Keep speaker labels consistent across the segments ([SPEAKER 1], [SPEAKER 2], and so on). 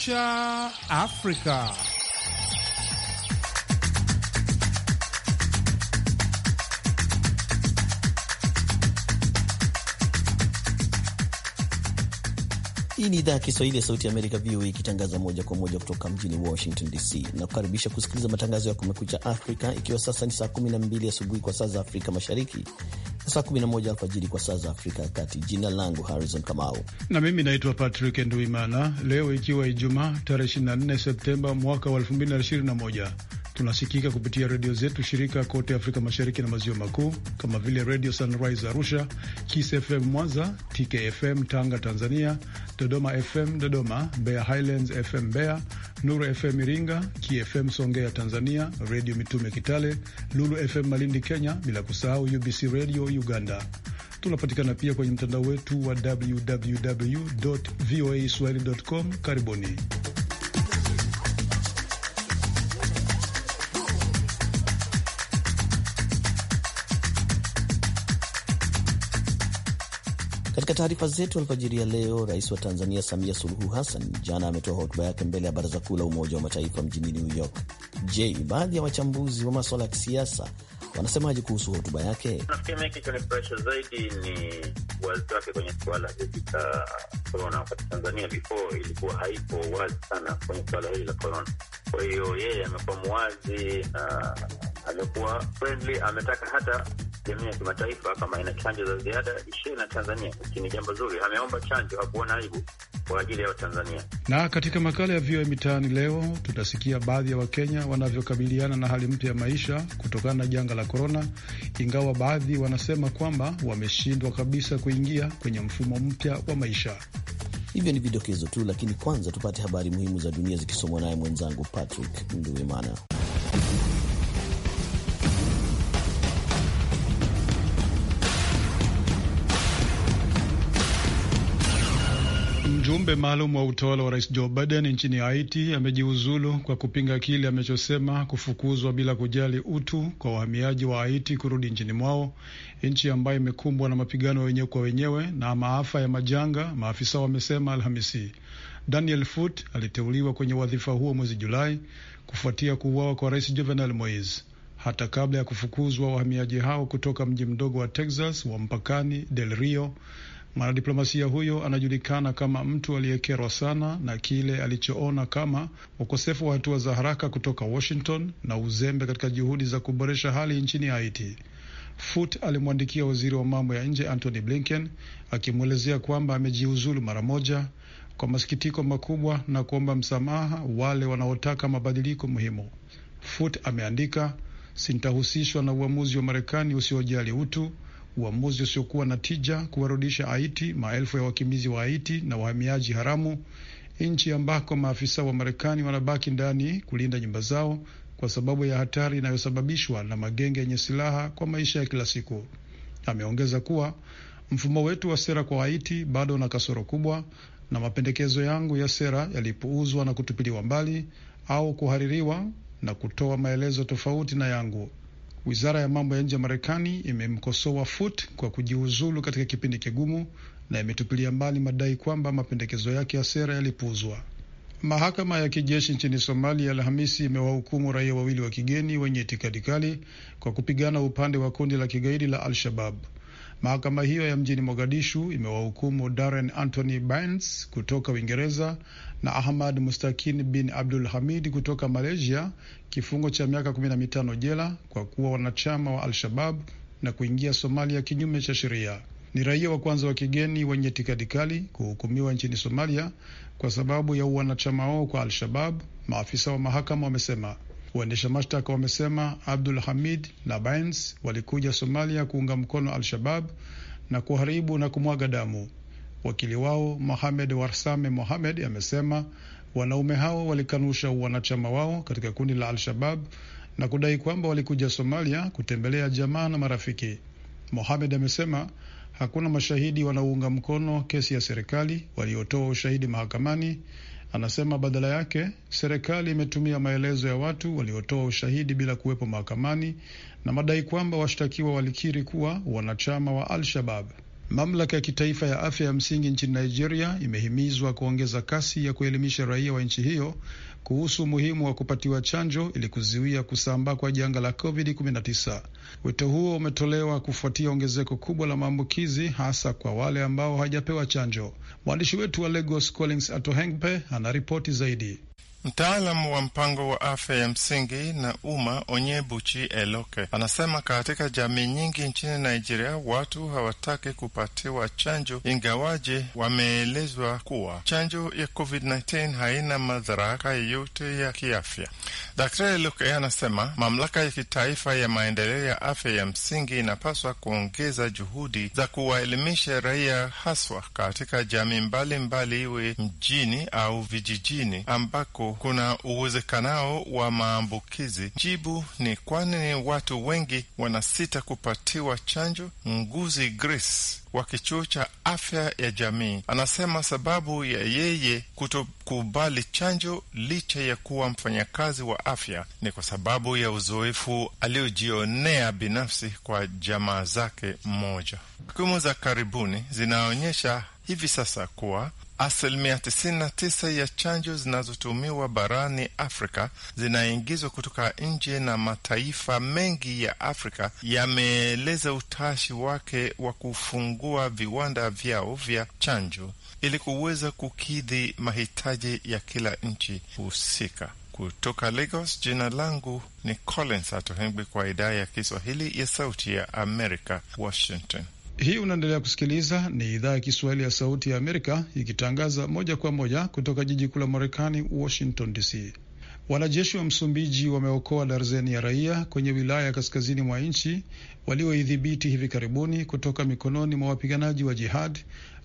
[SPEAKER 1] Kumekucha Afrika.
[SPEAKER 2] Hii ni idhaa ya Kiswahili ya Sauti ya Amerika, VOA, ikitangaza moja kwa moja kutoka mjini Washington DC na kukaribisha kusikiliza matangazo ya Kumekucha Afrika, ikiwa sasa ni saa 12 asubuhi kwa saa za Afrika Mashariki na saa 11 alfajiri kwa saa za Afrika ya Kati. Jina langu Harrison Kamau
[SPEAKER 3] na mimi naitwa Patrick Nduimana. Leo ikiwa Ijumaa tarehe 24 Septemba mwaka wa 2021 Tunasikika kupitia redio zetu shirika kote Afrika Mashariki na Maziwa Makuu, kama vile redio Sunrise Arusha, Kiss FM Mwanza, TKFM Tanga Tanzania, Dodoma FM Dodoma, Mbeya Highlands FM Mbeya, Nuru FM Iringa, KFM Songea Tanzania, Redio Mitume Kitale, Lulu FM Malindi Kenya, bila kusahau UBC Radio Uganda. Tunapatikana pia kwenye mtandao wetu wa www voa swahili com. Karibuni.
[SPEAKER 2] Katika taarifa zetu alipojiria leo, rais wa Tanzania Samia Suluhu Hassan jana ametoa hotuba yake mbele ya baraza kuu la Umoja wa Mataifa mjini New York. Je, baadhi ya wachambuzi wa maswala ya kisiasa wanasemaje kuhusu hotuba yake?
[SPEAKER 4] Nafikiri kilichonifurahisha zaidi ni wazi wake kwenye suala hili la korona. Wakati Tanzania before ilikuwa haipo wazi sana kwenye suala hili la korona, kwa hiyo yeye amekuwa mwazi na amekuwa friendly, ametaka hata jamii ya kimataifa kama ina chanjo za ziada ishirini na Tanzania, ni jambo zuri. Ameomba chanjo, hakuona aibu kwa ajili ya Watanzania.
[SPEAKER 3] Na katika makala ya VOA Mitaani leo tutasikia baadhi ya Wakenya wanavyokabiliana na hali mpya ya maisha kutokana na janga la korona, ingawa baadhi wanasema kwamba wameshindwa kabisa kuingia kwenye mfumo mpya wa maisha.
[SPEAKER 2] Hivyo ni vidokezo tu, lakini kwanza tupate habari muhimu za dunia zikisomwa naye mwenzangu Patrick Nduwimana.
[SPEAKER 3] Mjumbe maalum wa utawala wa rais Joe Biden nchini Haiti amejiuzulu kwa kupinga kile amechosema kufukuzwa bila kujali utu kwa wahamiaji wa Haiti kurudi nchini mwao, nchi ambayo imekumbwa na mapigano wenyewe kwa wenyewe na maafa ya majanga, maafisa wamesema Alhamisi. Daniel Foot aliteuliwa kwenye wadhifa huo mwezi Julai kufuatia kuuawa kwa rais Jovenel Moise. Hata kabla ya kufukuzwa, wahamiaji hao kutoka mji mdogo wa Texas wa mpakani Del Rio Mwanadiplomasia huyo anajulikana kama mtu aliyekerwa sana na kile alichoona kama ukosefu wa hatua za haraka kutoka Washington na uzembe katika juhudi za kuboresha hali nchini Haiti. Foot alimwandikia waziri wa mambo ya nje Antony Blinken akimwelezea kwamba amejiuzulu mara moja kwa masikitiko makubwa na kuomba msamaha wale wanaotaka mabadiliko muhimu. Foot ameandika, sintahusishwa na uamuzi wa Marekani usiojali utu uamuzi usiokuwa na tija kuwarudisha Haiti maelfu ya wakimbizi wa Haiti na wahamiaji haramu, nchi ambako maafisa wa Marekani wanabaki ndani kulinda nyumba zao kwa sababu ya hatari inayosababishwa na magenge yenye silaha kwa maisha ya kila siku. Ameongeza kuwa mfumo wetu wa sera kwa Haiti bado una kasoro kubwa na mapendekezo yangu ya sera yalipuuzwa na kutupiliwa mbali au kuhaririwa na kutoa maelezo tofauti na yangu. Wizara ya mambo ya nje ya Marekani imemkosoa Foot kwa kujiuzulu katika kipindi kigumu na imetupilia mbali madai kwamba mapendekezo yake ya sera yalipuuzwa. Mahakama ya kijeshi nchini Somalia Alhamisi imewahukumu raia wawili wa kigeni wenye itikadi kali kwa kupigana upande wa kundi la kigaidi la Al-Shabab. Mahakama hiyo ya mjini Mogadishu imewahukumu Darren Anthony Bains kutoka Uingereza na Ahmad Mustakin bin Abdul Hamid kutoka Malaysia kifungo cha miaka kumi na mitano jela kwa kuwa wanachama wa Al-Shabab na kuingia Somalia kinyume cha sheria. Ni raia wa kwanza wa kigeni wenye itikadi kali kuhukumiwa nchini Somalia kwa sababu ya uwanachama wao kwa Al-Shabab, maafisa wa mahakama wamesema. Waendesha mashtaka wamesema Abdul Hamid na Bains walikuja Somalia kuunga mkono Al-Shabab na kuharibu na kumwaga damu. Wakili wao Mohamed Warsame Mohamed amesema wanaume hao walikanusha wanachama wao katika kundi la Al-Shabab na kudai kwamba walikuja Somalia kutembelea jamaa na marafiki. Mohamed amesema hakuna mashahidi wanaounga mkono kesi ya serikali waliotoa ushahidi mahakamani Anasema badala yake serikali imetumia maelezo ya watu waliotoa ushahidi bila kuwepo mahakamani na madai kwamba washtakiwa walikiri kuwa wanachama wa Al-Shabab. Mamlaka ya kitaifa ya afya ya msingi nchini Nigeria imehimizwa kuongeza kasi ya kuelimisha raia wa nchi hiyo kuhusu umuhimu wa kupatiwa chanjo ili kuzuia kusambaa kwa janga la COVID-19. Wito huo umetolewa kufuatia ongezeko kubwa la maambukizi hasa kwa wale ambao hawajapewa chanjo. Mwandishi wetu wa Lagos Collins Atohengpe anaripoti zaidi.
[SPEAKER 5] Mtaalamu wa mpango wa afya ya msingi na umma Onyebuchi Eloke anasema katika jamii nyingi nchini Nigeria watu hawataki kupatiwa chanjo, ingawaje wameelezwa kuwa chanjo ya COVID-19 haina madharaka yoyote ya kiafya. Daktari Eloke anasema mamlaka ya kitaifa ya maendeleo ya afya ya msingi inapaswa kuongeza juhudi za kuwaelimisha raia, haswa katika jamii mbalimbali, iwe mjini au vijijini ambako kuna uwezekanao wa maambukizi? Jibu ni kwani watu wengi wanasita kupatiwa chanjo. Mguzi Grace wa kichuo cha afya ya jamii anasema sababu ya yeye kutokubali chanjo licha ya kuwa mfanyakazi wa afya ni kwa sababu ya uzoefu aliyojionea binafsi kwa jamaa zake mmoja. Takwimu za karibuni zinaonyesha hivi sasa kuwa Asilimia 99 ya chanjo zinazotumiwa barani Afrika zinaingizwa kutoka nje, na mataifa mengi ya Afrika yameeleza utashi wake wa kufungua viwanda vyao vya chanjo ili kuweza kukidhi mahitaji ya kila nchi husika. Kutoka Lagos, jina langu ni Collins Atohengwi, kwa idhaa ya Kiswahili ya Sauti ya Amerika, Washington.
[SPEAKER 3] Hii unaendelea kusikiliza ni idhaa ya Kiswahili ya Sauti ya Amerika ikitangaza moja kwa moja kutoka jiji kuu la Marekani, Washington DC. Wanajeshi wa Msumbiji wameokoa darzeni ya raia kwenye wilaya ya kaskazini mwa nchi walioidhibiti hivi karibuni kutoka mikononi mwa wapiganaji wa jihad,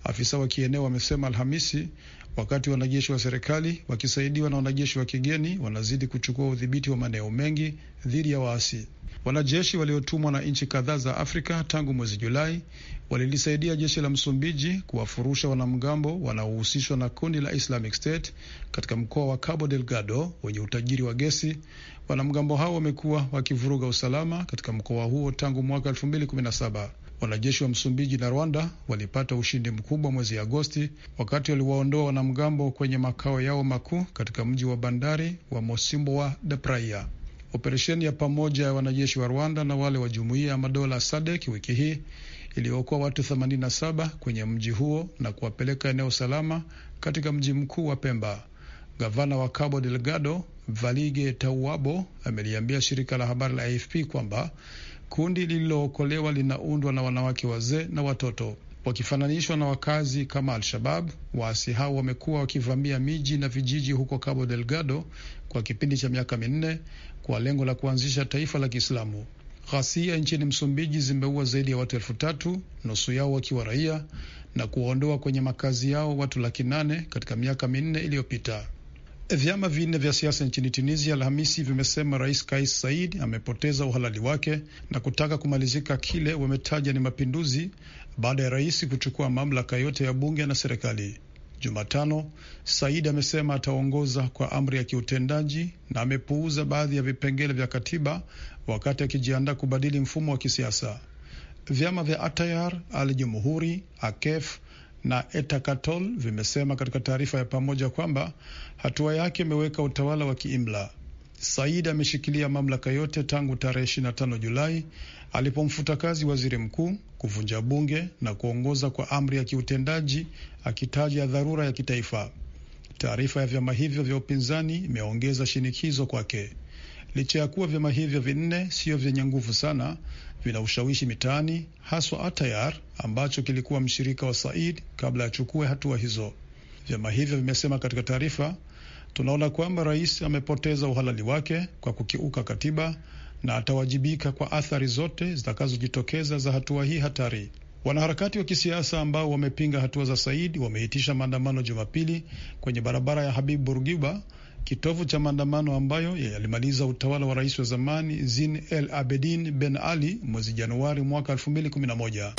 [SPEAKER 3] afisa wa kieneo wamesema Alhamisi, wakati wanajeshi wa serikali wakisaidiwa na wanajeshi wa kigeni wanazidi kuchukua udhibiti wa maeneo mengi dhidi ya waasi. Wanajeshi waliotumwa na nchi kadhaa za Afrika tangu mwezi Julai walilisaidia jeshi la Msumbiji kuwafurusha wanamgambo wanaohusishwa na kundi la Islamic State katika mkoa wa Cabo Delgado wenye utajiri wa gesi Wanamgambo hao wamekuwa wakivuruga usalama katika mkoa huo tangu mwaka 2017. Wanajeshi wa Msumbiji na Rwanda walipata ushindi mkubwa mwezi Agosti wakati waliwaondoa wanamgambo kwenye makao yao makuu katika mji wa bandari wa mosimboa de Praia. Operesheni ya pamoja ya wanajeshi wa Rwanda na wale wa Jumuiya ya Madola sadek wiki hii iliyookoa watu 87 kwenye mji huo na kuwapeleka eneo salama katika mji mkuu wa Pemba. Gavana wa Cabo Delgado Valige Tauabo ameliambia shirika la habari la AFP kwamba kundi lililookolewa linaundwa na wanawake wazee na watoto. Wakifananishwa na wakazi kama Al-Shabab, waasi hao wamekuwa wakivamia miji na vijiji huko Cabo Delgado kwa kipindi cha miaka minne kwa lengo la kuanzisha taifa la Kiislamu. Ghasia nchini Msumbiji zimeua zaidi ya watu elfu tatu, nusu yao wakiwa raia na kuwaondoa kwenye makazi yao watu laki nane katika miaka minne iliyopita. Vyama vinne vya siasa nchini Tunisia Alhamisi vimesema rais Kais Said amepoteza uhalali wake na kutaka kumalizika kile wametaja ni mapinduzi baada ya rais kuchukua mamlaka yote ya bunge na serikali. Jumatano, Said amesema ataongoza kwa amri ya kiutendaji na amepuuza baadhi ya vipengele vya katiba wakati akijiandaa kubadili mfumo wa kisiasa. Vyama vya Atayar, Al Jumhuri, Akef na Etakatol vimesema katika taarifa ya pamoja kwamba hatua yake imeweka utawala wa kiimla. Said ameshikilia mamlaka yote tangu tarehe 25 Julai alipomfuta kazi waziri mkuu, kuvunja bunge na kuongoza kwa amri ya kiutendaji, akitaja dharura ya kitaifa. Taarifa ya vyama hivyo vya upinzani imeongeza shinikizo kwake. Licha ya kuwa vyama hivyo vinne sio vyenye nguvu sana, vina ushawishi mitaani, haswa Atayar ambacho kilikuwa mshirika wa Said kabla achukue hatua hizo. Vyama hivyo vimesema katika taarifa, tunaona kwamba rais amepoteza uhalali wake kwa kukiuka katiba na atawajibika kwa athari zote zitakazojitokeza za hatua hii hatari. Wanaharakati wa kisiasa ambao wamepinga hatua za Said wameitisha maandamano Jumapili kwenye barabara ya Habib Burgiba kitovu cha maandamano ambayo yalimaliza utawala wa rais wa zamani zin El Abedin Ben Ali mwezi Januari mwaka 2011.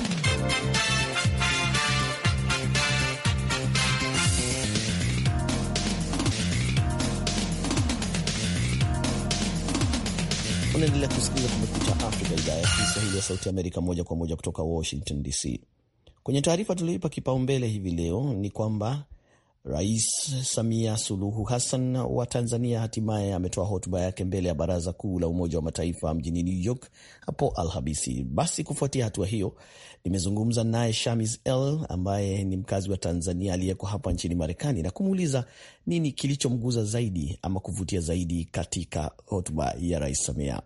[SPEAKER 2] Unaendelea kusikiliza Kumekucha Afrika, idhaa ya Kiswahili ya Sauti Amerika, moja kwa moja kutoka Washington DC. Kwenye taarifa tulioipa kipaumbele hivi leo ni kwamba Rais Samia Suluhu Hassan wa Tanzania hatimaye ametoa hotuba yake mbele ya Baraza Kuu la Umoja wa Mataifa mjini New York hapo Alhamisi. Basi kufuatia hatua hiyo, nimezungumza naye Shamis L ambaye ni mkazi wa Tanzania aliyeko hapa nchini Marekani na kumuuliza nini kilichomguza zaidi ama kuvutia zaidi katika hotuba ya Rais Samia.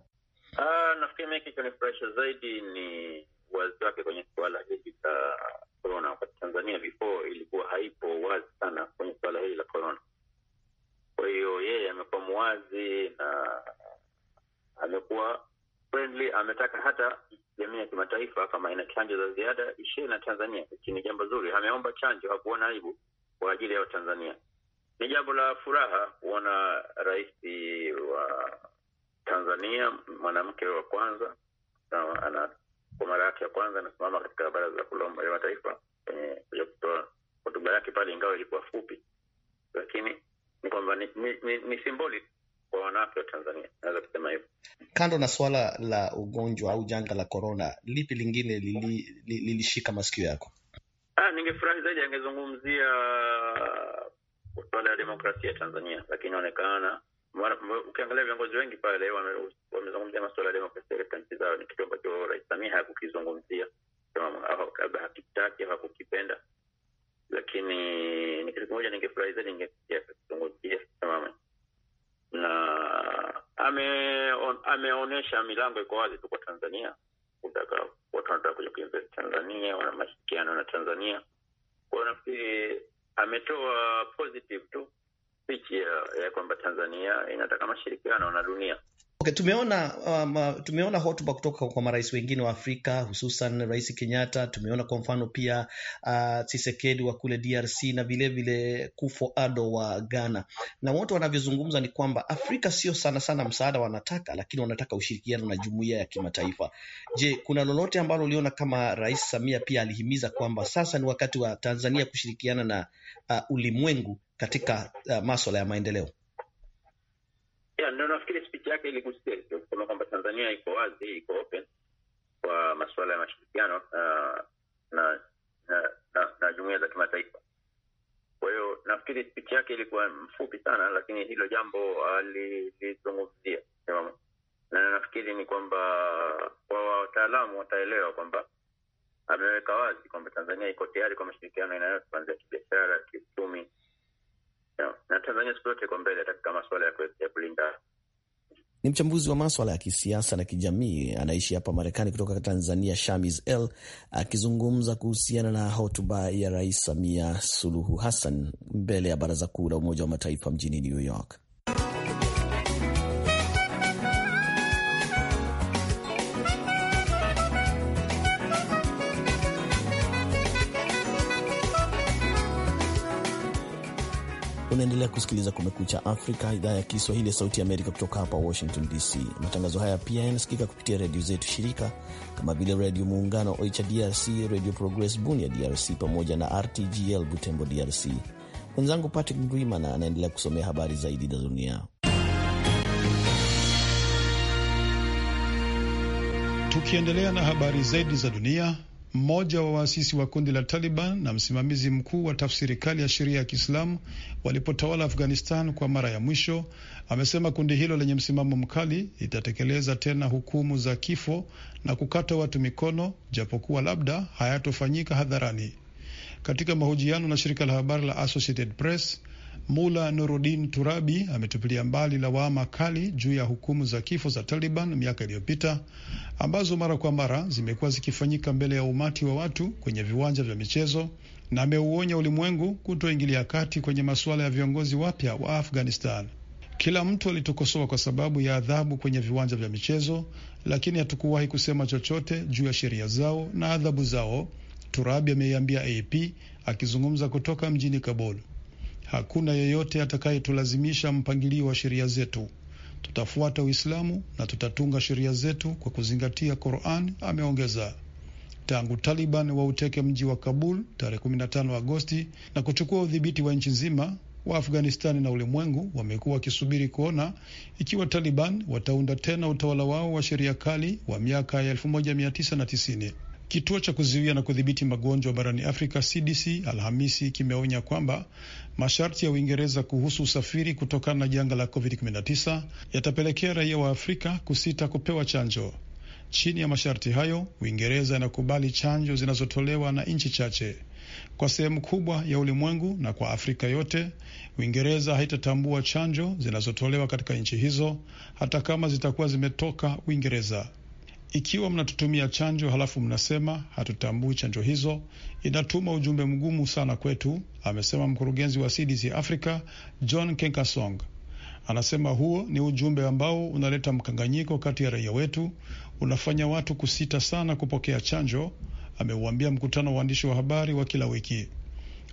[SPEAKER 2] Uh, nafikiri mimi kilichonifurahisha zaidi ni wazi wake kwenye
[SPEAKER 4] suala hili la corona, wakati Tanzania before ilikuwa haipo wazi sana kwenye suala hili la korona. Kwa hiyo yeye amekuwa mwazi na amekuwa friendly, ametaka hata jamii ya kimataifa kama ina chanjo za ziada ishie na Tanzania, hiki ni jambo zuri. Ameomba chanjo, hakuona aibu kwa ajili ya Watanzania. Ni jambo la furaha kuona rais wa Tanzania mwanamke wa kwanza na, ana kwa mara yake ya kwanza anasimama katika Baraza la Mataifa kwenye eh, kuja kutoa hotuba yake pale, ingawa ilikuwa fupi, lakini ni kwamba ni, ni, ni, ni simboli kwa wanawake wa Tanzania, naweza kusema hivyo.
[SPEAKER 2] Kando na suala la ugonjwa au janga la korona, lipi lingine lilishika li, li, masikio yako?
[SPEAKER 4] Ah, ningefurahi zaidi angezungumzia uh, suala ya demokrasia ya Tanzania, lakini inaonekana Ukiangalia viongozi wengi pale wamezungumzia masuala ya demokrasia katika nchi zao, ni kitu ambacho Rais Samia hakukizungumzia, labda hakitaki, hakukipenda, lakini ni kitu kimoja ningefurahi zaidi ningesikia kizungumzia na ameonyesha milango iko wazi tu kwa Tanzania, kutaka watu wanataka kuja kuinvest Tanzania, wana mashirikiano na Tanzania. Kwa nafikiri ametoa positive tu spichi ya, ya eh, kwamba Tanzania inataka mashirikiano na dunia.
[SPEAKER 2] Okay, tumeona um, uh, tumeona hotuba kutoka kwa marais wengine wa Afrika hususan Rais Kenyatta. Tumeona kwa mfano pia uh, wa kule DRC na vilevile Akufo-Addo wa Ghana, na wote wanavyozungumza ni kwamba Afrika sio sana sana msaada wanataka, lakini wanataka ushirikiano na jumuiya ya kimataifa. Je, kuna lolote ambalo uliona kama Rais Samia pia alihimiza kwamba sasa ni wakati wa Tanzania kushirikiana na uh, ulimwengu katika uh, maswala ya maendeleo?
[SPEAKER 4] yake iligusia kusema kwamba Tanzania iko wazi, iko open kwa masuala ya mashirikiano uh, na na, na, na jumuiya za kimataifa. Kwa hiyo nafikiri yake ilikuwa mfupi sana, lakini hilo jambo alilizungumzia na nafikiri ni kwamba kwa wataalamu wataelewa kwamba ameweka wazi kwamba Tanzania iko tayari kwa mashirikiano inayoanzia kibiashara, kiuchumi Yaani, na Tanzania siku iko mbele katika masuala ya, ya kulinda.
[SPEAKER 2] Ni mchambuzi wa maswala ya kisiasa na kijamii anaishi hapa Marekani kutoka Tanzania, Shamis l akizungumza kuhusiana na hotuba ya Rais Samia Suluhu Hassan mbele ya Baraza Kuu la Umoja wa Mataifa mjini New York. Unaendelea kusikiliza Kumekucha Afrika, idhaa ya Kiswahili ya Sauti ya Amerika kutoka hapa Washington DC. Matangazo haya pia yanasikika kupitia redio zetu shirika kama vile Redio Muungano Oicha DRC, Redio Progress Bunia DRC, pamoja na RTGL Butembo DRC. Mwenzangu Patrick Ndwimana anaendelea kusomea habari zaidi za dunia.
[SPEAKER 3] Tukiendelea na habari zaidi za dunia, mmoja wa waasisi wa kundi la Taliban na msimamizi mkuu wa tafsiri kali ya sheria ya Kiislamu walipotawala Afghanistan kwa mara ya mwisho, amesema kundi hilo lenye msimamo mkali litatekeleza tena hukumu za kifo na kukata watu mikono, japokuwa labda hayatofanyika hadharani. Katika mahojiano na shirika la habari la Associated Press, Mula Nuruddin Turabi ametupilia mbali lawama kali juu ya hukumu za kifo za Taliban miaka iliyopita ambazo mara kwa mara zimekuwa zikifanyika mbele ya umati wa watu kwenye viwanja vya michezo na ameuonya ulimwengu kutoingilia kati kwenye masuala ya viongozi wapya wa Afghanistan. Kila mtu alitukosoa kwa sababu ya adhabu kwenye viwanja vya michezo, lakini hatukuwahi kusema chochote juu ya sheria zao na adhabu zao, Turabi ameiambia AP akizungumza kutoka mjini Kabul. Hakuna yeyote atakayetulazimisha mpangilio wa sheria zetu. Tutafuata Uislamu na tutatunga sheria zetu kwa kuzingatia Qur'an, ameongeza. Tangu Taliban wauteke mji wa Kabul tarehe 15 Agosti na kuchukua udhibiti wa nchi nzima, wa Afghanistani na ulimwengu wamekuwa wakisubiri kuona ikiwa Taliban wataunda tena utawala wao wa sheria kali wa miaka ya 1990. Kituo cha kuzuia na kudhibiti magonjwa barani Afrika CDC Alhamisi kimeonya kwamba masharti ya Uingereza kuhusu usafiri kutokana na janga la COVID-19 yatapelekea raia wa Afrika kusita kupewa chanjo. Chini ya masharti hayo, Uingereza inakubali chanjo zinazotolewa na nchi chache. Kwa sehemu kubwa ya ulimwengu na kwa Afrika yote, Uingereza haitatambua chanjo zinazotolewa katika nchi hizo hata kama zitakuwa zimetoka Uingereza. Ikiwa mnatutumia chanjo halafu mnasema hatutambui chanjo hizo, inatuma ujumbe mgumu sana kwetu, amesema mkurugenzi wa CDC Africa John Kenkasong. Anasema huo ni ujumbe ambao unaleta mkanganyiko kati ya raia wetu, unafanya watu kusita sana kupokea chanjo, ameuambia mkutano wa waandishi wa habari wa kila wiki.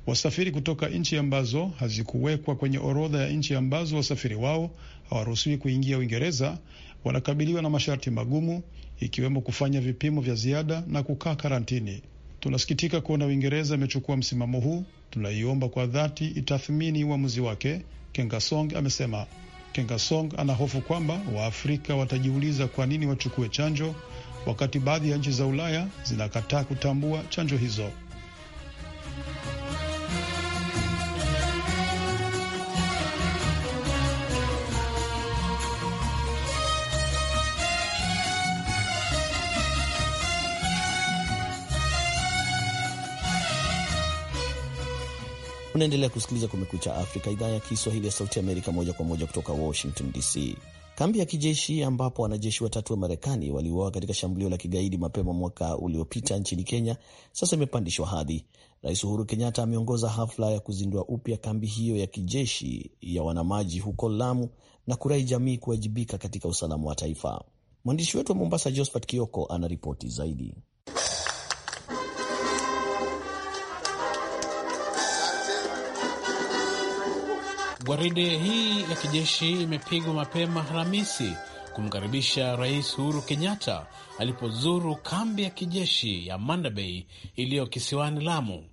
[SPEAKER 3] Wasafiri kutoka nchi ambazo hazikuwekwa kwenye orodha ya nchi ambazo wasafiri wao hawaruhusiwi kuingia Uingereza wanakabiliwa na masharti magumu ikiwemo kufanya vipimo vya ziada na kukaa karantini. Tunasikitika kuona Uingereza imechukua msimamo huu, tunaiomba kwa dhati itathmini uamuzi wake, Kengasong amesema. Kengasong anahofu kwamba Waafrika watajiuliza kwa nini wachukue chanjo wakati baadhi ya nchi za Ulaya zinakataa kutambua chanjo hizo.
[SPEAKER 2] Unaendelea kusikiliza Kumekucha Afrika, idhaa ya Kiswahili ya Sauti Amerika, moja kwa moja kutoka Washington DC. Kambi ya kijeshi ambapo wanajeshi watatu wa Marekani waliuawa katika shambulio la kigaidi mapema mwaka uliopita nchini Kenya sasa imepandishwa hadhi. Rais Uhuru Kenyatta ameongoza hafla ya kuzindua upya kambi hiyo ya kijeshi ya wanamaji huko Lamu na kurai jamii kuwajibika katika usalama wa taifa. Mwandishi wetu wa Mombasa, Josphat Kioko, anaripoti zaidi.
[SPEAKER 1] Gwaride hii ya kijeshi imepigwa mapema Alhamisi kumkaribisha Rais Uhuru Kenyatta alipozuru kambi ya kijeshi ya Mandabey iliyo kisiwani Lamu.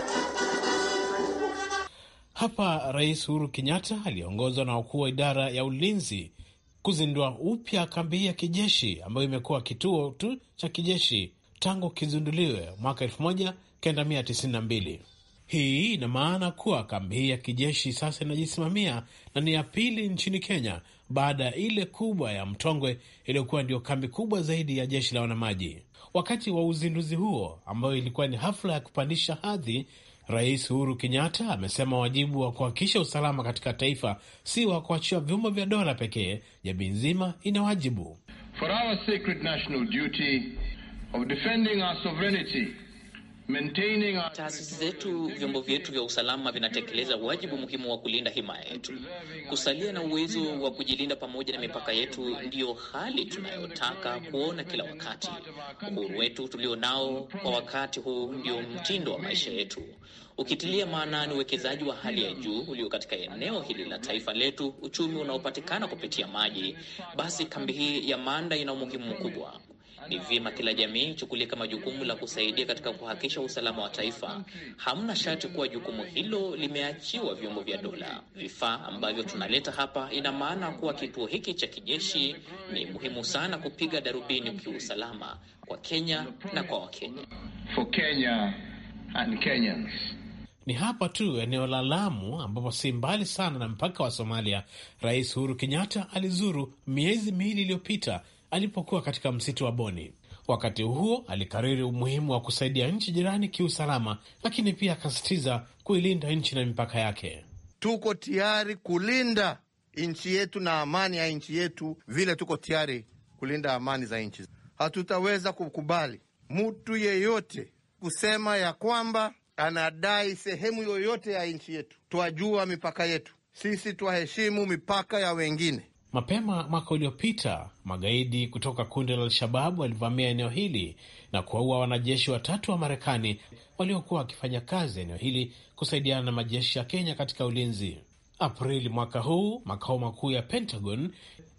[SPEAKER 1] Hapa Rais Uhuru Kenyatta aliongozwa na wakuu wa idara ya ulinzi kuzindua upya kambi hii ya kijeshi ambayo imekuwa kituo tu cha kijeshi tangu kizinduliwe mwaka 1992. Hii ina maana kuwa kambi hii ya kijeshi sasa inajisimamia na ni ya pili nchini Kenya baada ya ile kubwa ya Mtongwe iliyokuwa ndio kambi kubwa zaidi ya jeshi la wanamaji. Wakati wa uzinduzi huo ambayo ilikuwa ni hafla ya kupandisha hadhi, Rais Uhuru Kenyatta amesema wajibu wa kuhakikisha usalama katika taifa si wa kuachia vyombo vya dola pekee, jamii nzima ina wajibu
[SPEAKER 6] For our sacred national duty of defending our sovereignty
[SPEAKER 2] Taasisi zetu, vyombo vyetu vya usalama vinatekeleza wajibu muhimu wa kulinda himaya yetu. Kusalia na uwezo wa kujilinda pamoja na mipaka yetu ndiyo hali tunayotaka kuona kila wakati. Uhuru wetu tulio nao kwa wakati huu ndio mtindo wa maisha yetu. Ukitilia maanani uwekezaji wa hali ya juu ulio katika eneo hili la taifa letu, uchumi unaopatikana kupitia maji, basi kambi hii ya Manda ina umuhimu mkubwa. Ni vyema kila jamii ichukulie kama jukumu la kusaidia katika kuhakikisha usalama wa taifa. Hamna shati kuwa jukumu hilo limeachiwa vyombo vya dola. Vifaa ambavyo tunaleta hapa, ina maana kuwa kituo hiki cha kijeshi ni muhimu sana kupiga darubini kiusalama kwa Kenya na kwa Wakenya. For Kenya and Kenyans.
[SPEAKER 1] Ni hapa tu eneo la Lamu ambapo si mbali sana na mpaka wa Somalia, Rais Uhuru Kenyatta alizuru miezi miwili iliyopita alipokuwa katika msitu wa Boni. Wakati huo alikariri umuhimu wa kusaidia nchi jirani kiusalama, lakini pia akasisitiza kuilinda nchi na mipaka yake.
[SPEAKER 6] Tuko tayari kulinda nchi yetu na amani ya nchi yetu, vile tuko tayari kulinda amani za nchi. Hatutaweza kukubali mtu yeyote kusema ya kwamba anadai sehemu yoyote ya nchi yetu. Twajua mipaka yetu
[SPEAKER 1] sisi, twaheshimu mipaka ya wengine. Mapema mwaka uliopita magaidi kutoka kundi la Al-Shababu walivamia eneo hili na kuwaua wanajeshi watatu wa Marekani waliokuwa wakifanya kazi eneo hili kusaidiana na majeshi ya Kenya katika ulinzi. Aprili mwaka huu makao makuu ya Pentagon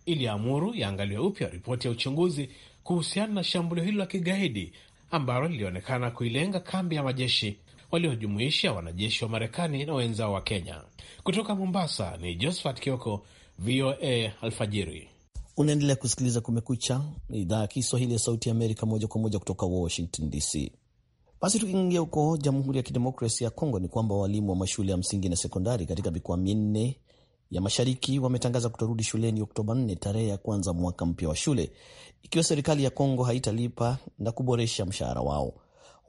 [SPEAKER 1] iliamuru yaangaliwe upya ripoti ya uchunguzi kuhusiana na shambulio hilo la kigaidi ambalo lilionekana kuilenga kambi ya majeshi waliojumuisha wanajeshi wa Marekani na wenzao wa Kenya. Kutoka Mombasa ni Josephat Kioko VOA alfajiri.
[SPEAKER 2] Unaendelea kusikiliza Kumekucha, idhaa ya Kiswahili ya Sauti ya Amerika, moja kwa moja kutoka Washington DC. Basi tukiingia huko Jamhuri ya Kidemokrasia ya Kongo, ni kwamba walimu wa mashule ya msingi na sekondari katika mikoa minne ya mashariki wametangaza kutorudi shuleni Oktoba 4 tarehe ya kwanza mwaka mpya wa shule, ikiwa serikali ya Kongo haitalipa na kuboresha mshahara wao.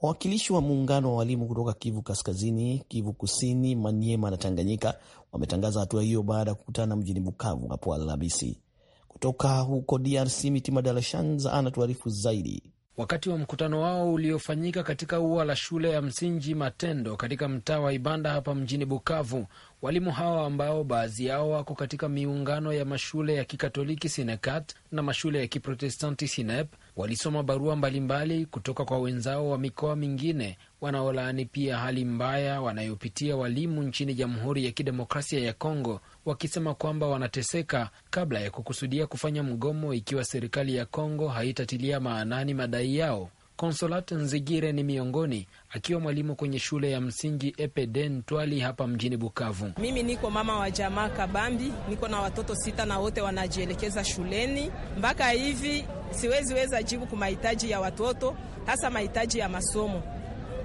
[SPEAKER 2] Wawakilishi wa muungano wa walimu kutoka Kivu Kaskazini, Kivu Kusini, Maniema na Tanganyika wametangaza hatua hiyo baada ya kukutana mjini Bukavu hapo Alhamisi. Kutoka huko DRC, Mitima Dalashanza anatuarifu zaidi
[SPEAKER 7] wakati wa mkutano wao uliofanyika katika ua la shule ya msingi Matendo katika mtaa wa Ibanda hapa mjini Bukavu. Walimu hawa ambao baadhi yao wako katika miungano ya mashule ya kikatoliki Sinekat na mashule ya kiprotestanti Sinep walisoma barua mbalimbali kutoka kwa wenzao wa mikoa mingine wanaolaani pia hali mbaya wanayopitia walimu nchini Jamhuri ya Kidemokrasia ya Kongo wakisema kwamba wanateseka kabla ya kukusudia kufanya mgomo ikiwa serikali ya Kongo haitatilia maanani madai yao. konsolat Nzigire ni miongoni akiwa mwalimu kwenye shule ya msingi Epeden Twali hapa mjini Bukavu.
[SPEAKER 8] Mimi niko mama wa jamaa Kabambi, niko na watoto sita na wote wanajielekeza shuleni. Mpaka hivi siwezi weza jibu mahitaji ya watoto, hasa mahitaji ya masomo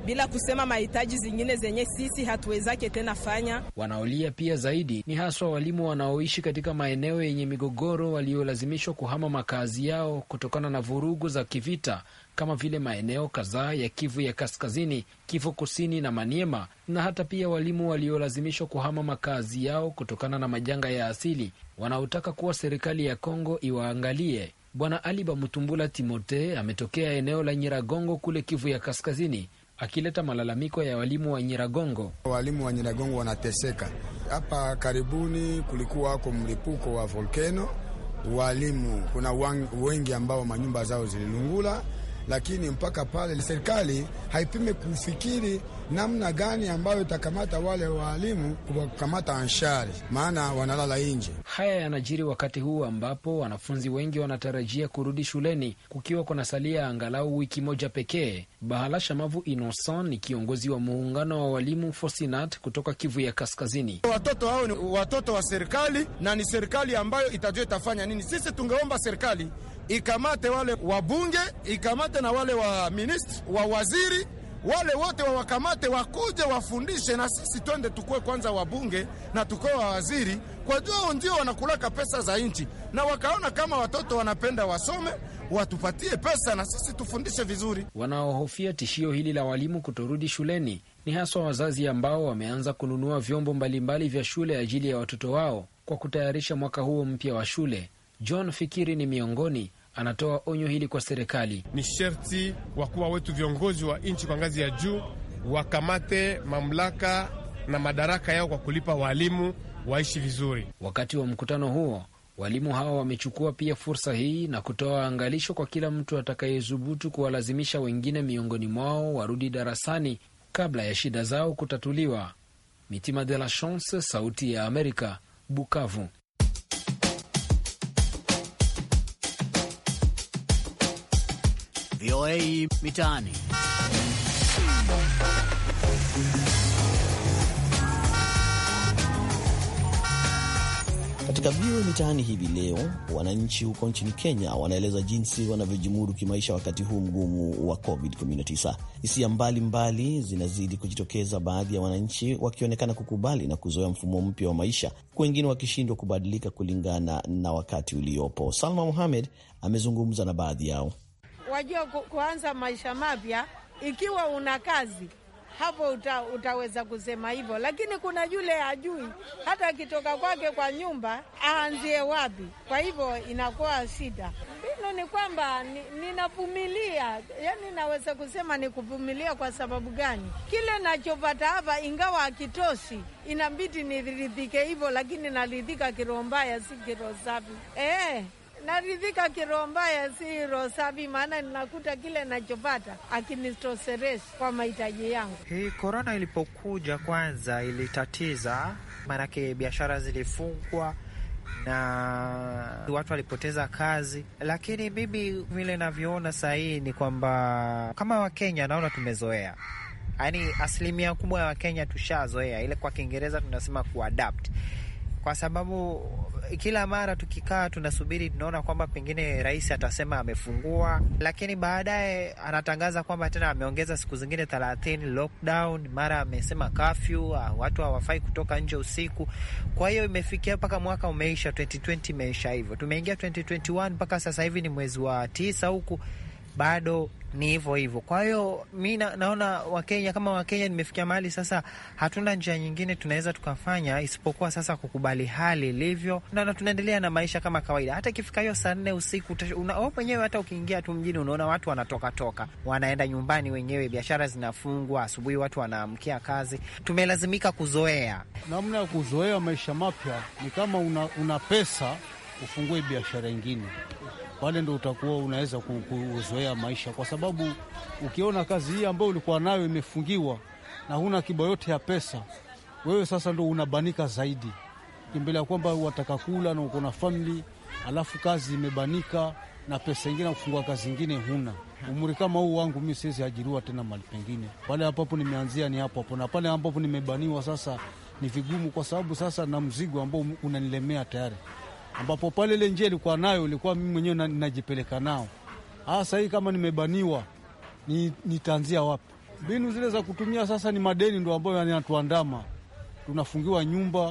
[SPEAKER 8] bila kusema mahitaji zingine zenye sisi hatuwezake tena fanya.
[SPEAKER 7] Wanaolia pia zaidi ni haswa walimu wanaoishi katika maeneo yenye migogoro waliolazimishwa kuhama makazi yao kutokana na vurugu za kivita kama vile maeneo kadhaa ya Kivu ya Kaskazini, Kivu Kusini na Maniema, na hata pia walimu waliolazimishwa kuhama makazi yao kutokana na majanga ya asili wanaotaka kuwa serikali ya Kongo iwaangalie. Bwana Ali Bamutumbula Timote ametokea eneo la Nyiragongo kule Kivu ya Kaskazini akileta malalamiko ya walimu wa Nyiragongo. Walimu wa Nyiragongo wanateseka. Hapa karibuni kulikuwa wako mlipuko wa volkeno, walimu kuna wengi ambao manyumba zao zililungula lakini mpaka pale serikali haipime kufikiri namna gani ambayo itakamata wale waalimu kuwakamata anshari, maana wanalala nje. Haya yanajiri wakati huu ambapo wanafunzi wengi wanatarajia kurudi shuleni kukiwa kunasalia angalau wiki moja pekee. Bahala Shamavu Innocent ni kiongozi wa muungano wa walimu Fosinat kutoka Kivu ya Kaskazini.
[SPEAKER 5] Watoto hao ni watoto wa serikali na ni serikali ambayo itajua itafanya nini. Sisi tungeomba serikali ikamate wale wabunge, ikamate na wale wa ministri wa waziri wale wote wawakamate, wakuje wafundishe, na sisi twende tukue kwanza wabunge na tukue wa waziri, kwa jua ndio wanakulaka pesa za nchi, na wakaona kama watoto wanapenda wasome, watupatie pesa na sisi tufundishe vizuri.
[SPEAKER 7] Wanaohofia tishio hili la walimu kutorudi shuleni ni haswa wazazi ambao wameanza kununua vyombo mbalimbali vya shule ajili ya watoto wao kwa kutayarisha mwaka huo mpya wa shule. John Fikiri ni miongoni anatoa onyo hili kwa serikali. Ni sherti wakuwa wetu viongozi wa nchi kwa ngazi ya juu wakamate mamlaka na madaraka yao kwa kulipa waalimu waishi vizuri. Wakati wa mkutano huo, walimu hawa wamechukua pia fursa hii na kutoa angalisho kwa kila mtu atakayethubutu kuwalazimisha wengine miongoni mwao warudi darasani kabla ya shida zao kutatuliwa. Mitima de la Chance, Sauti ya Amerika, Bukavu.
[SPEAKER 1] VOA Mitaani.
[SPEAKER 2] Katika VOA Mitaani hivi leo, wananchi huko nchini Kenya wanaeleza jinsi wanavyojimudu kimaisha wakati huu mgumu wa COVID-19. Hisia mbalimbali zinazidi kujitokeza, baadhi ya wananchi wakionekana kukubali na kuzoea mfumo mpya wa maisha, huku wengine wakishindwa kubadilika kulingana na wakati uliopo. Salma muhamed amezungumza na baadhi yao
[SPEAKER 8] wajua kuanza maisha mapya. Ikiwa una kazi hapo uta, utaweza kusema hivyo, lakini kuna yule ajui hata akitoka kwake kwa nyumba aanzie wapi. Kwa hivyo inakuwa shida. Hilo ni kwamba ninavumilia ni, yani naweza kusema ni kuvumilia. Kwa sababu gani? Kile nachopata hapa ingawa akitoshi, inabidi niridhike hivyo, lakini naridhika kiroho mbaya, si kiroho safi eh naridhika kiroho mbaya, si roho safi, maana ninakuta kile nachopata akinitosereshi kwa mahitaji yangu.
[SPEAKER 9] Hii korona ilipokuja kwanza ilitatiza, maanake biashara zilifungwa na watu walipoteza kazi, lakini mimi vile navyoona sahii ni kwamba kama Wakenya naona tumezoea yaani asilimia kubwa ya Wakenya tushazoea ile, kwa Kiingereza tunasema kuadapt kwa sababu eh, kila mara tukikaa tunasubiri, tunaona kwamba pengine rais atasema amefungua, lakini baadaye anatangaza kwamba tena ameongeza siku zingine thelathini lockdown, mara amesema kafyu, ah, watu hawafai kutoka nje usiku. Kwa hiyo imefikia mpaka mwaka umeisha, 2020 imeisha hivyo, tumeingia 2021 mpaka sasa hivi ni mwezi wa tisa huku bado ni hivyo hivyo. Kwa hiyo mi naona Wakenya kama Wakenya, nimefikia mahali sasa hatuna njia nyingine tunaweza tukafanya isipokuwa sasa kukubali hali ilivyo, na tunaendelea na maisha kama kawaida. Hata ikifika hiyo saa nne usiku mwenyewe, hata ukiingia tu mjini unaona watu wanatokatoka, wanaenda nyumbani wenyewe, biashara zinafungwa, asubuhi watu wanaamkia kazi. Tumelazimika kuzoea. Namna ya kuzoea maisha mapya ni kama una, una pesa ufungue biashara ingine
[SPEAKER 6] pale ndo utakuwa unaweza kuzoea maisha, kwa sababu ukiona kazi hii ambayo ulikuwa nayo imefungiwa na huna kiba yote ya pesa, wewe sasa ndo unabanika zaidi, kimbele ya kwamba wataka kula na uko na famili, alafu kazi imebanika na pesa ingine na kufungua kazi ingine huna. Umri kama huu wangu mi siwezi ajiriwa tena mali pengine, pale ambapo nimeanzia ni hapo hapo, na pale ambapo nimebaniwa sasa ni vigumu, kwa sababu sasa na mzigo ambao unanilemea tayari ambapo pale ile njia ilikuwa nayo ilikuwa mimi mwenyewe najipeleka nao. Ah, sasa hii kama nimebaniwa, nitaanzia ni wapi? Mbinu zile za kutumia sasa ni madeni ndo ambayo yanatuandama, tunafungiwa nyumba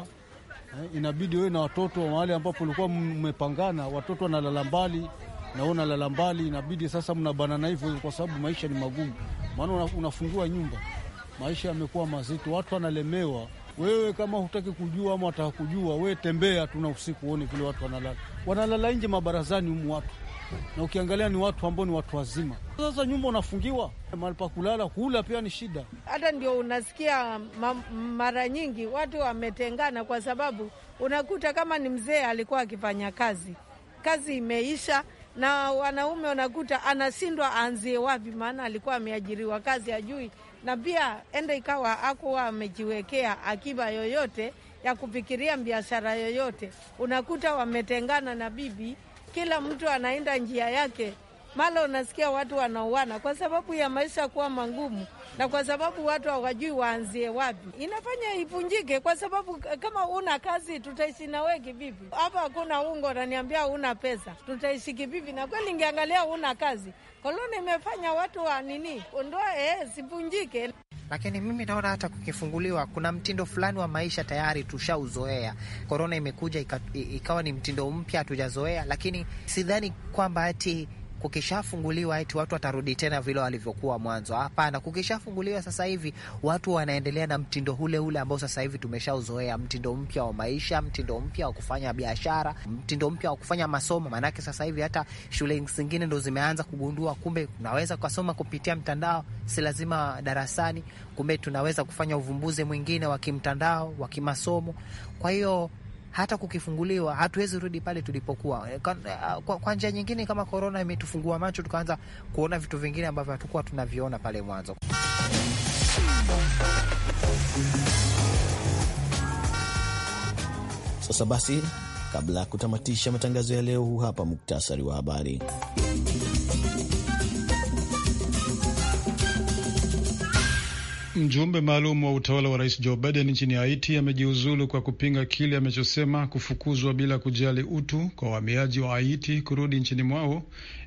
[SPEAKER 6] eh, inabidi wewe na watoto mahali ambapo ulikuwa mmepangana, watoto wanalala mbali naona unalala mbali, inabidi sasa mnabanana hivyo, kwa sababu maisha ni magumu, maana unafungiwa nyumba, maisha yamekuwa mazito, watu wanalemewa wewe kama hutaki kujua ama wataka kujua, wewe tembea tuna usiku uone vile watu wanalala, wanalala nje mabarazani humu watu, na ukiangalia ni watu ambao ni watu wazima. Sasa nyumba unafungiwa, mahali pa kulala, kula pia ni shida.
[SPEAKER 8] Hata ndio unasikia ma, mara nyingi watu wametengana, kwa sababu unakuta kama ni mzee alikuwa akifanya kazi, kazi imeisha na wanaume unakuta anashindwa aanzie wapi, maana alikuwa ameajiriwa kazi, ajui na pia ende ikawa akuwa amejiwekea akiba yoyote ya kufikiria biashara yoyote. Unakuta wametengana na bibi, kila mtu anaenda njia yake, mala unasikia watu wanauana kwa sababu ya maisha kuwa mangumu, na kwa sababu watu hawajui waanzie wapi, inafanya ivunjike. Kwa sababu kama una kazi, tutaishi nawe kivipi? Hapa hakuna ungo, naniambia una pesa, tutaishi kivipi? Na kweli, ngiangalia una kazi Koloni imefanya watu wa nini, ondoa eh, zivunjike.
[SPEAKER 9] Lakini mimi naona hata kukifunguliwa kuna mtindo fulani wa maisha tayari tushauzoea. Korona imekuja ikawa ni mtindo mpya hatujazoea, lakini sidhani kwamba ati kukishafunguliwa eti watu watarudi tena vile walivyokuwa mwanzo. Hapana, kukishafunguliwa sasa hivi watu wanaendelea na mtindo ule ule ambao sasa hivi tumeshauzoea, mtindo mpya wa maisha, mtindo mpya wa kufanya biashara, mtindo mpya wa kufanya masomo. Maanake sasa hivi hata shule zingine ndo zimeanza kugundua, kumbe unaweza ukasoma kupitia mtandao, si lazima darasani. Kumbe tunaweza kufanya uvumbuzi mwingine wa kimtandao wa kimasomo, kwa hiyo hata kukifunguliwa hatuwezi rudi pale tulipokuwa. Eh, eh, kwa, kwa njia nyingine kama korona imetufungua macho tukaanza kuona vitu vingine ambavyo hatukuwa tunaviona pale mwanzo.
[SPEAKER 2] Sasa basi, kabla ya kutamatisha matangazo ya leo, huu hapa muktasari wa habari.
[SPEAKER 3] Mjumbe maalum wa utawala wa rais Joe Biden nchini Haiti amejiuzulu kwa kupinga kile amechosema kufukuzwa bila kujali utu kwa wahamiaji wa Haiti kurudi nchini mwao,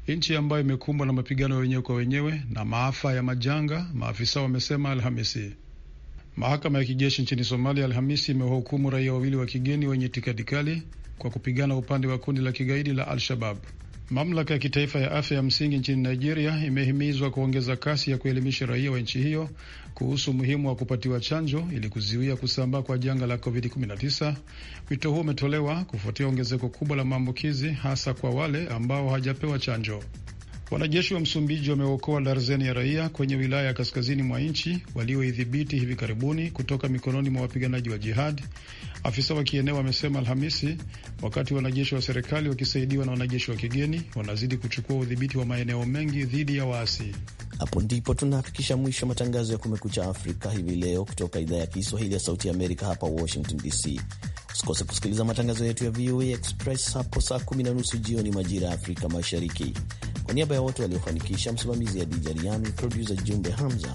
[SPEAKER 3] nchi ambayo imekumbwa na mapigano ya wenyewe kwa wenyewe na maafa ya majanga, maafisa wamesema Alhamisi. Mahakama ya kijeshi nchini Somalia Alhamisi imewahukumu raia wawili wa kigeni wenye itikadi kali kwa kupigana upande wa kundi la kigaidi la Al-Shabab. Mamlaka ya kitaifa ya afya ya msingi nchini Nigeria imehimizwa kuongeza kasi ya kuelimisha raia wa nchi hiyo kuhusu umuhimu wa kupatiwa chanjo ili kuzuia kusambaa kwa janga la COVID-19. Wito huo umetolewa kufuatia ongezeko kubwa la maambukizi hasa kwa wale ambao hawajapewa chanjo. Wanajeshi wa Msumbiji wameokoa darzeni ya raia kwenye wilaya ya kaskazini mwa nchi walioidhibiti hivi karibuni kutoka mikononi mwa wapiganaji wa jihad, afisa wa kieneo amesema Alhamisi, wakati wanajeshi wa serikali wakisaidiwa na wanajeshi wa kigeni wanazidi kuchukua udhibiti wa maeneo mengi dhidi ya waasi. Hapo ndipo tunafikisha mwisho matangazo
[SPEAKER 2] ya Kumekucha Afrika hivi leo kutoka idhaa ya Kiswahili ya Sauti ya Amerika hapa Washington DC. Usikose kusikiliza matangazo yetu ya VOA Express hapo saa kumi na nusu jioni majira ya Afrika Mashariki. Kwa niaba ya wote waliofanikisha, msimamizi ya Dija Riami, produsa Jumbe Hamza,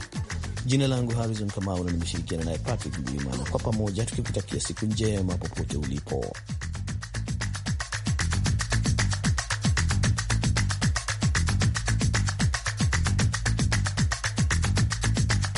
[SPEAKER 2] jina langu Harrison Kamau na nimeshirikiana naye Patrick Ndwimana, kwa pamoja tukikutakia siku njema popote ulipo.